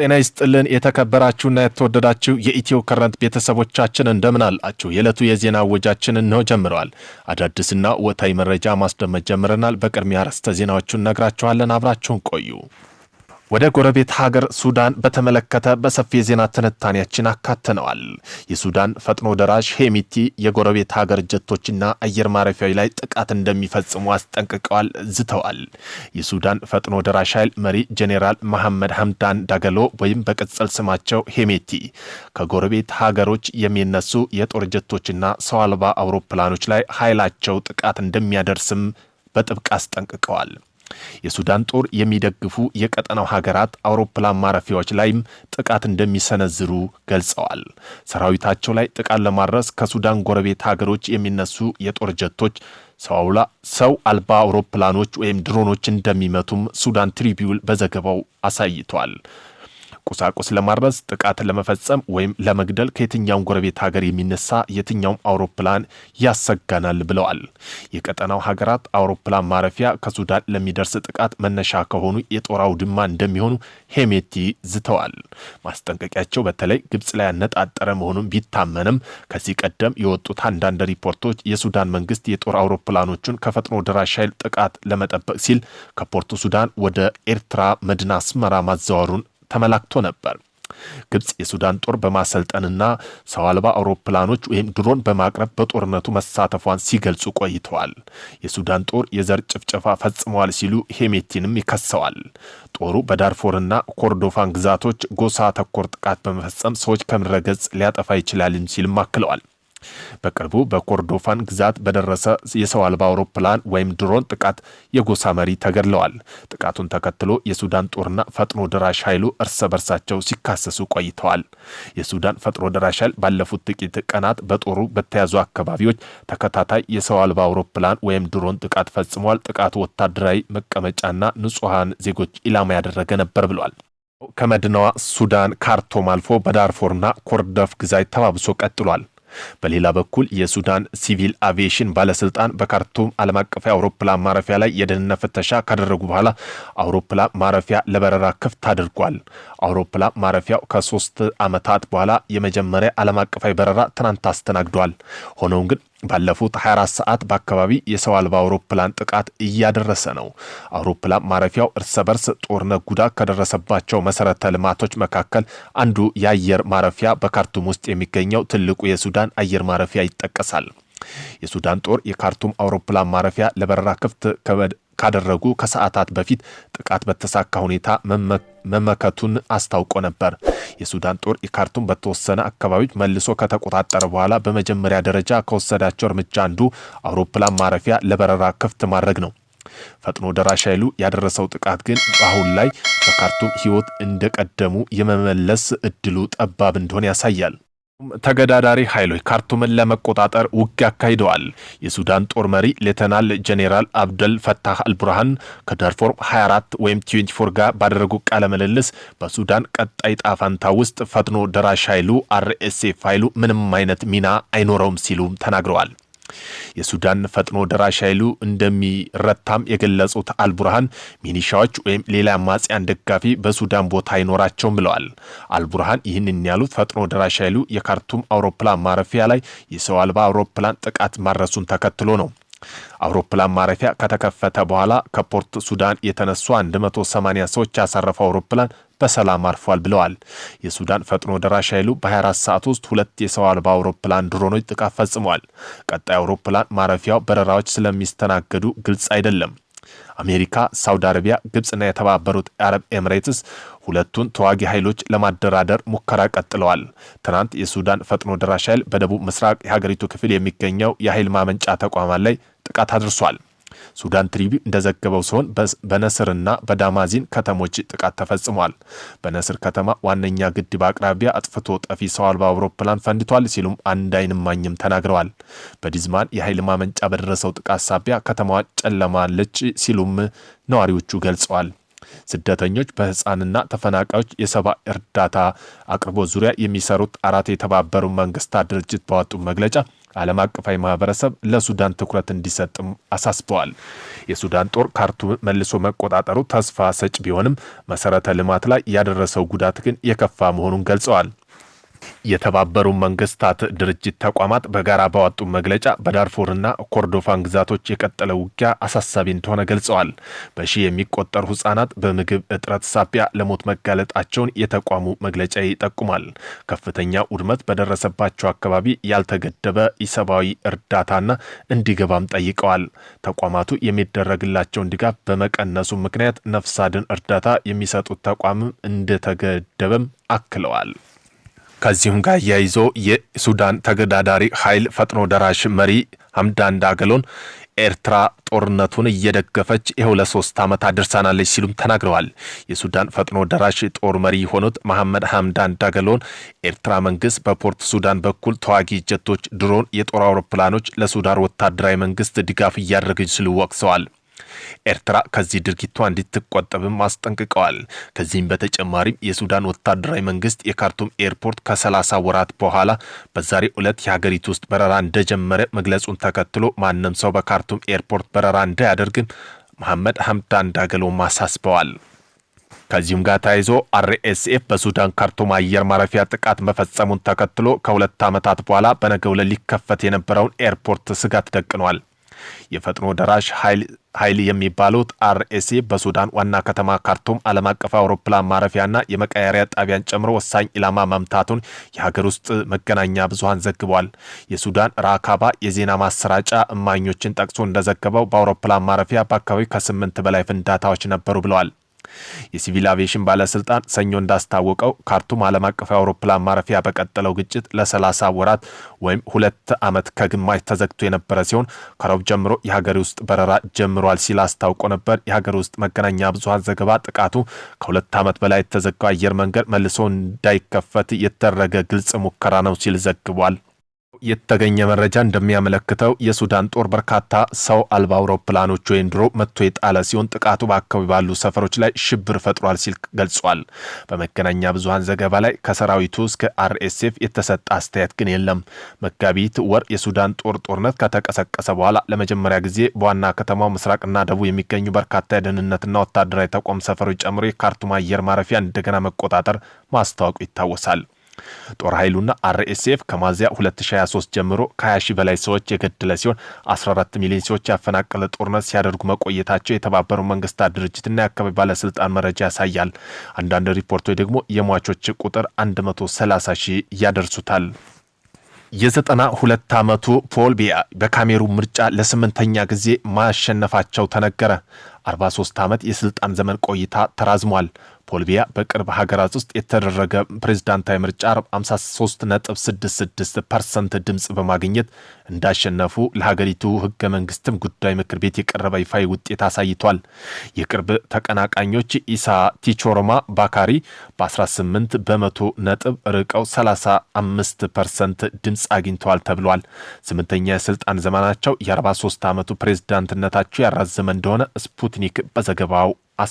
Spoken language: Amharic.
ጤና ይስጥልን የተከበራችሁና የተወደዳችሁ የኢትዮ ከረንት ቤተሰቦቻችን እንደምን አላችሁ? የዕለቱ የዜና እወጃችን ነው ጀምረዋል። አዳዲስና ወቅታዊ መረጃ ማስደመጥ ጀምረናል። በቅድሚያ ርዕሰ ዜናዎቹን ነግራችኋለን። አብራችሁን ቆዩ። ወደ ጎረቤት ሀገር ሱዳን በተመለከተ በሰፊ የዜና ትንታኔያችን አካተነዋል። የሱዳን ፈጥኖ ደራሽ ሄሚቲ የጎረቤት ሀገር ጀቶችና አየር ማረፊያዊ ላይ ጥቃት እንደሚፈጽሙ አስጠንቅቀዋል፣ ዝተዋል። የሱዳን ፈጥኖ ደራሽ ኃይል መሪ ጄኔራል መሐመድ ሐምዳን ዳገሎ ወይም በቅጽል ስማቸው ሄሜቲ ከጎረቤት ሀገሮች የሚነሱ የጦር ጀቶችና ሰው አልባ አውሮፕላኖች ላይ ኃይላቸው ጥቃት እንደሚያደርስም በጥብቅ አስጠንቅቀዋል። የሱዳን ጦር የሚደግፉ የቀጠናው ሀገራት አውሮፕላን ማረፊያዎች ላይም ጥቃት እንደሚሰነዝሩ ገልጸዋል። ሰራዊታቸው ላይ ጥቃት ለማድረስ ከሱዳን ጎረቤት ሀገሮች የሚነሱ የጦር ጀቶች ሰው አልባ አውሮፕላኖች ወይም ድሮኖች እንደሚመቱም ሱዳን ትሪቢዩን በዘገባው አሳይቷል። ቁሳቁስ ለማድረስ ጥቃት ለመፈጸም ወይም ለመግደል ከየትኛውም ጎረቤት ሀገር የሚነሳ የትኛውም አውሮፕላን ያሰጋናል ብለዋል። የቀጠናው ሀገራት አውሮፕላን ማረፊያ ከሱዳን ለሚደርስ ጥቃት መነሻ ከሆኑ የጦር አውድማ እንደሚሆኑ ሄሜቲ ዝተዋል። ማስጠንቀቂያቸው በተለይ ግብፅ ላይ ያነጣጠረ መሆኑን ቢታመንም ከዚህ ቀደም የወጡት አንዳንድ ሪፖርቶች የሱዳን መንግስት የጦር አውሮፕላኖቹን ከፈጥኖ ደራሽ ኃይል ጥቃት ለመጠበቅ ሲል ከፖርቱ ሱዳን ወደ ኤርትራ መድና አስመራ ማዘዋሩን ተመላክቶ ነበር። ግብፅ የሱዳን ጦር በማሰልጠንና ሰው አልባ አውሮፕላኖች ወይም ድሮን በማቅረብ በጦርነቱ መሳተፏን ሲገልጹ ቆይተዋል። የሱዳን ጦር የዘር ጭፍጨፋ ፈጽመዋል ሲሉ ሄሜቲንም ይከሰዋል። ጦሩ በዳርፎርና ኮርዶፋን ግዛቶች ጎሳ ተኮር ጥቃት በመፈጸም ሰዎች ከምድረ ገጽ ሊያጠፋ ይችላል ሲልም አክለዋል። በቅርቡ በኮርዶፋን ግዛት በደረሰ የሰው አልባ አውሮፕላን ወይም ድሮን ጥቃት የጎሳ መሪ ተገድለዋል። ጥቃቱን ተከትሎ የሱዳን ጦርና ፈጥኖ ደራሽ ኃይሉ እርስ በርሳቸው ሲካሰሱ ቆይተዋል። የሱዳን ፈጥኖ ደራሽ ኃይል ባለፉት ጥቂት ቀናት በጦሩ በተያዙ አካባቢዎች ተከታታይ የሰው አልባ አውሮፕላን ወይም ድሮን ጥቃት ፈጽመዋል። ጥቃቱ ወታደራዊ መቀመጫና ንጹሐን ዜጎች ኢላማ ያደረገ ነበር ብሏል። ከመድናዋ ሱዳን ካርቶም አልፎ በዳርፎርና ኮርደፍ ግዛት ተባብሶ ቀጥሏል። በሌላ በኩል የሱዳን ሲቪል አቪዬሽን ባለስልጣን በካርቱም ዓለም አቀፍ አውሮፕላን ማረፊያ ላይ የደህንነት ፍተሻ ካደረጉ በኋላ አውሮፕላን ማረፊያ ለበረራ ክፍት አድርጓል። አውሮፕላን ማረፊያው ከሶስት ዓመታት በኋላ የመጀመሪያ ዓለም አቀፋዊ በረራ ትናንት አስተናግዷል። ሆኖም ግን ባለፉት 24 ሰዓት በአካባቢ የሰው አልባ አውሮፕላን ጥቃት እያደረሰ ነው። አውሮፕላን ማረፊያው እርስ በርስ ጦርነት ጉዳት ከደረሰባቸው መሰረተ ልማቶች መካከል አንዱ የአየር ማረፊያ በካርቱም ውስጥ የሚገኘው ትልቁ የሱዳን አየር ማረፊያ ይጠቀሳል። የሱዳን ጦር የካርቱም አውሮፕላን ማረፊያ ለበረራ ክፍት ካደረጉ ከሰዓታት በፊት ጥቃት በተሳካ ሁኔታ መመከቱን አስታውቆ ነበር። የሱዳን ጦር የካርቱም በተወሰነ አካባቢዎች መልሶ ከተቆጣጠረ በኋላ በመጀመሪያ ደረጃ ከወሰዳቸው እርምጃ አንዱ አውሮፕላን ማረፊያ ለበረራ ክፍት ማድረግ ነው። ፈጥኖ ደራሽ ኃይሉ ያደረሰው ጥቃት ግን በአሁን ላይ በካርቱም ሕይወት እንደቀደሙ የመመለስ እድሉ ጠባብ እንደሆነ ያሳያል። ተገዳዳሪ ኃይሎች ካርቱምን ለመቆጣጠር ውጊያ አካሂደዋል። የሱዳን ጦር መሪ ሌተናል ጄኔራል አብደል ፈታህ አልቡርሃን ከዳርፎር 24 ወይም 24 ጋር ባደረጉ ቃለ ምልልስ በሱዳን ቀጣይ ጣፋንታ ውስጥ ፈጥኖ ደራሽ ኃይሉ አርኤስኤፍ ኃይሉ ምንም አይነት ሚና አይኖረውም ሲሉም ተናግረዋል። የሱዳን ፈጥኖ ደራሽ ኃይሉ እንደሚረታም የገለጹት አልቡርሃን ሚኒሻዎች ወይም ሌላ አማጽያን ደጋፊ በሱዳን ቦታ አይኖራቸውም ብለዋል። አልቡርሃን ይህንን ያሉት ፈጥኖ ደራሽ ኃይሉ የካርቱም አውሮፕላን ማረፊያ ላይ የሰው አልባ አውሮፕላን ጥቃት ማድረሱን ተከትሎ ነው። አውሮፕላን ማረፊያ ከተከፈተ በኋላ ከፖርት ሱዳን የተነሱ 180 ሰዎች ያሳረፈው አውሮፕላን በሰላም አርፏል ብለዋል። የሱዳን ፈጥኖ ደራሽ ኃይሉ በ24 ሰዓት ውስጥ ሁለት የሰው አልባ አውሮፕላን ድሮኖች ጥቃት ፈጽሟል። ቀጣይ አውሮፕላን ማረፊያው በረራዎች ስለሚስተናገዱ ግልጽ አይደለም። አሜሪካ፣ ሳውዲ አረቢያ፣ ግብፅና የተባበሩት አረብ ኤምሬትስ ሁለቱን ተዋጊ ኃይሎች ለማደራደር ሙከራ ቀጥለዋል። ትናንት የሱዳን ፈጥኖ ደራሽ ኃይል በደቡብ ምስራቅ የሀገሪቱ ክፍል የሚገኘው የኃይል ማመንጫ ተቋማት ላይ ጥቃት አድርሷል። ሱዳን ትሪቢዩን እንደዘገበው ሲሆን በነስርና በዳማዚን ከተሞች ጥቃት ተፈጽሟል። በነስር ከተማ ዋነኛ ግድብ አቅራቢያ አጥፍቶ ጠፊ ሰው አልባ አውሮፕላን ፈንድቷል ሲሉም አንድ አይን እማኝም ተናግረዋል። በዲዝማን የኃይል ማመንጫ በደረሰው ጥቃት ሳቢያ ከተማዋ ጨለማለች ሲሉም ነዋሪዎቹ ገልጸዋል። ስደተኞች በህፃንና ተፈናቃዮች የሰብአዊ እርዳታ አቅርቦት ዙሪያ የሚሰሩት አራት የተባበሩ መንግስታት ድርጅት ባወጡ መግለጫ ዓለም አቀፋዊ ማህበረሰብ ለሱዳን ትኩረት እንዲሰጥም አሳስበዋል። የሱዳን ጦር ካርቱም መልሶ መቆጣጠሩ ተስፋ ሰጭ ቢሆንም መሰረተ ልማት ላይ ያደረሰው ጉዳት ግን የከፋ መሆኑን ገልጸዋል። የተባበሩ መንግስታት ድርጅት ተቋማት በጋራ ባወጡ መግለጫ በዳርፉርና ኮርዶፋን ግዛቶች የቀጠለ ውጊያ አሳሳቢ እንደሆነ ገልጸዋል። በሺህ የሚቆጠሩ ህጻናት በምግብ እጥረት ሳቢያ ለሞት መጋለጣቸውን የተቋሙ መግለጫ ይጠቁማል። ከፍተኛ ውድመት በደረሰባቸው አካባቢ ያልተገደበ ኢሰብአዊ እርዳታና እንዲገባም ጠይቀዋል። ተቋማቱ የሚደረግላቸውን ድጋፍ በመቀነሱ ምክንያት ነፍስ አድን እርዳታ የሚሰጡት ተቋምም እንደተገደበም አክለዋል። ከዚሁም ጋር አያይዞ የሱዳን ተገዳዳሪ ኃይል ፈጥኖ ደራሽ መሪ ሐምዳን ዳገሎን ኤርትራ ጦርነቱን እየደገፈች ይኸው ለሶስት ዓመት አድርሳናለች ሲሉም ተናግረዋል። የሱዳን ፈጥኖ ደራሽ ጦር መሪ የሆኑት መሐመድ ሐምዳን ዳገሎን ኤርትራ መንግስት በፖርት ሱዳን በኩል ተዋጊ ጀቶች፣ ድሮን፣ የጦር አውሮፕላኖች ለሱዳን ወታደራዊ መንግስት ድጋፍ እያደረገች ሲሉ ወቅሰዋል። ኤርትራ ከዚህ ድርጊቷ እንድትቆጠብም አስጠንቅቀዋል። ከዚህም በተጨማሪም የሱዳን ወታደራዊ መንግስት የካርቱም ኤርፖርት ከሰላሳ ወራት በኋላ በዛሬ ዕለት የሀገሪቱ ውስጥ በረራ እንደጀመረ መግለጹን ተከትሎ ማንም ሰው በካርቱም ኤርፖርት በረራ እንዳያደርግም መሐመድ ሀምዳን ዳገሎም አሳስበዋል። ከዚሁም ጋር ተያይዞ አርኤስኤፍ በሱዳን ካርቱም አየር ማረፊያ ጥቃት መፈጸሙን ተከትሎ ከሁለት ዓመታት በኋላ በነገው ዕለት ሊከፈት የነበረውን ኤርፖርት ስጋት ደቅኗል። የፈጥኖ ደራሽ ኃይል የሚባሉት አርኤስኤ በሱዳን ዋና ከተማ ካርቱም ዓለም አቀፍ አውሮፕላን ማረፊያና የመቀየሪያ ጣቢያን ጨምሮ ወሳኝ ኢላማ መምታቱን የሀገር ውስጥ መገናኛ ብዙሀን ዘግቧል። የሱዳን ራካባ የዜና ማሰራጫ እማኞችን ጠቅሶ እንደዘገበው በአውሮፕላን ማረፊያ በአካባቢው ከስምንት በላይ ፍንዳታዎች ነበሩ ብለዋል። የሲቪል አቪዬሽን ባለስልጣን ሰኞ እንዳስታወቀው ካርቱም ዓለም አቀፍ የአውሮፕላን ማረፊያ በቀጠለው ግጭት ለ30 ወራት ወይም ሁለት ዓመት ከግማሽ ተዘግቶ የነበረ ሲሆን ከረቡዕ ጀምሮ የሀገር ውስጥ በረራ ጀምሯል ሲል አስታውቆ ነበር። የሀገር ውስጥ መገናኛ ብዙሃን ዘገባ ጥቃቱ ከሁለት ዓመት በላይ የተዘጋው አየር መንገድ መልሶ እንዳይከፈት የተደረገ ግልጽ ሙከራ ነው ሲል ዘግቧል። የተገኘ መረጃ እንደሚያመለክተው የሱዳን ጦር በርካታ ሰው አልባ አውሮፕላኖች ወይም ድሮ መጥቶ የጣለ ሲሆን ጥቃቱ በአካባቢ ባሉ ሰፈሮች ላይ ሽብር ፈጥሯል ሲል ገልጿል። በመገናኛ ብዙኃን ዘገባ ላይ ከሰራዊቱ እስከ አርኤስኤፍ የተሰጠ አስተያየት ግን የለም። መጋቢት ወር የሱዳን ጦር ጦርነት ከተቀሰቀሰ በኋላ ለመጀመሪያ ጊዜ በዋና ከተማው ምስራቅና ደቡብ የሚገኙ በርካታ የደህንነትና ወታደራዊ ተቋም ሰፈሮች ጨምሮ የካርቱም አየር ማረፊያ እንደገና መቆጣጠር ማስታወቁ ይታወሳል። ጦር ኃይሉና አርኤስኤፍ ከማዚያ 2023 ጀምሮ ከ20 ሺ በላይ ሰዎች የገደለ ሲሆን 14 ሚሊዮን ሰዎች ያፈናቀለ ጦርነት ሲያደርጉ መቆየታቸው የተባበሩ መንግስታት ድርጅትና የአካባቢ ባለስልጣን መረጃ ያሳያል። አንዳንድ ሪፖርቶች ደግሞ የሟቾች ቁጥር 130 ሺህ ያደርሱታል። የዘጠና ሁለት ዓመቱ ፖል ቢያ በካሜሩን ምርጫ ለስምንተኛ ጊዜ ማሸነፋቸው ተነገረ። 43 ዓመት የስልጣን ዘመን ቆይታ ተራዝሟል። ፖል በቅርብ ሀገራት ውስጥ የተደረገ ፕሬዝዳንታዊ ምርጫ 53.66 ፐርሰንት ድምፅ በማግኘት እንዳሸነፉ ለሀገሪቱ ህገ መንግስትም ጉዳይ ምክር ቤት የቀረበ ይፋዊ ውጤት አሳይቷል። የቅርብ ተቀናቃኞች ኢሳ ቲቾርማ ባካሪ በ18 በመቶ ነጥብ ርቀው 35 ፐርሰንት ድምፅ አግኝተዋል ተብሏል። ስምንተኛ የስልጣን ዘመናቸው የ43 ዓመቱ ፕሬዝዳንትነታቸው ያራዘመ እንደሆነ ስፑትኒክ በዘገባው